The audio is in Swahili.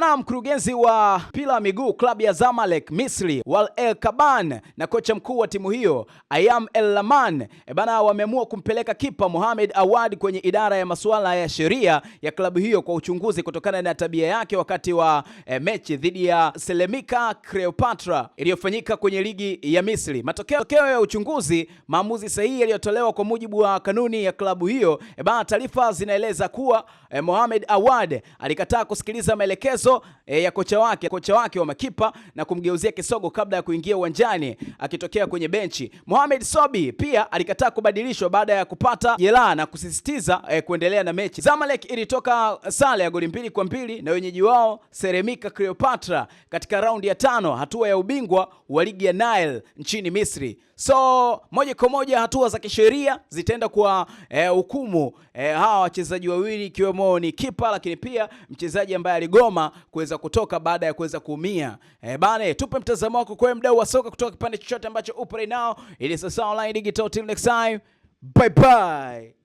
Bana, mkurugenzi wa mpira wa miguu klabu ya Zamalek Misri Wal El Kaban na kocha mkuu wa timu hiyo Ayam El Laman e bana, wameamua kumpeleka kipa Mohamed Awad kwenye idara ya masuala ya sheria ya klabu hiyo kwa uchunguzi kutokana na tabia yake wakati wa e, mechi dhidi ya Selemika Cleopatra iliyofanyika kwenye ligi ya Misri. Matokeo ya uchunguzi, maamuzi sahihi yaliyotolewa kwa mujibu wa kanuni ya klabu hiyo e bana, taarifa zinaeleza kuwa e, Mohamed Awad alikataa kusikiliza maelekezo mateso e, eh, ya kocha wake kocha wake wa makipa na kumgeuzia kisogo kabla ya kuingia uwanjani akitokea kwenye benchi. Mohamed Sobi pia alikataa kubadilishwa baada ya kupata jeraha na kusisitiza e, kuendelea na mechi. Zamalek ilitoka sale ya goli mbili kwa mbili na wenyeji wao Seremika Cleopatra katika raundi ya tano hatua ya ubingwa wa ligi ya Nile nchini Misri. So moja kwa moja hatua za kisheria zitaenda kwa e, hukumu e, hawa wachezaji wawili ikiwemo ni kipa lakini pia mchezaji ambaye aligoma kuweza kutoka baada ya kuweza kuumia. Eh, bale tupe mtazamo wako kwa mdau wa soka kutoka kipande chochote ambacho upo right now. Ili sasa online digital, till next time, bye bye.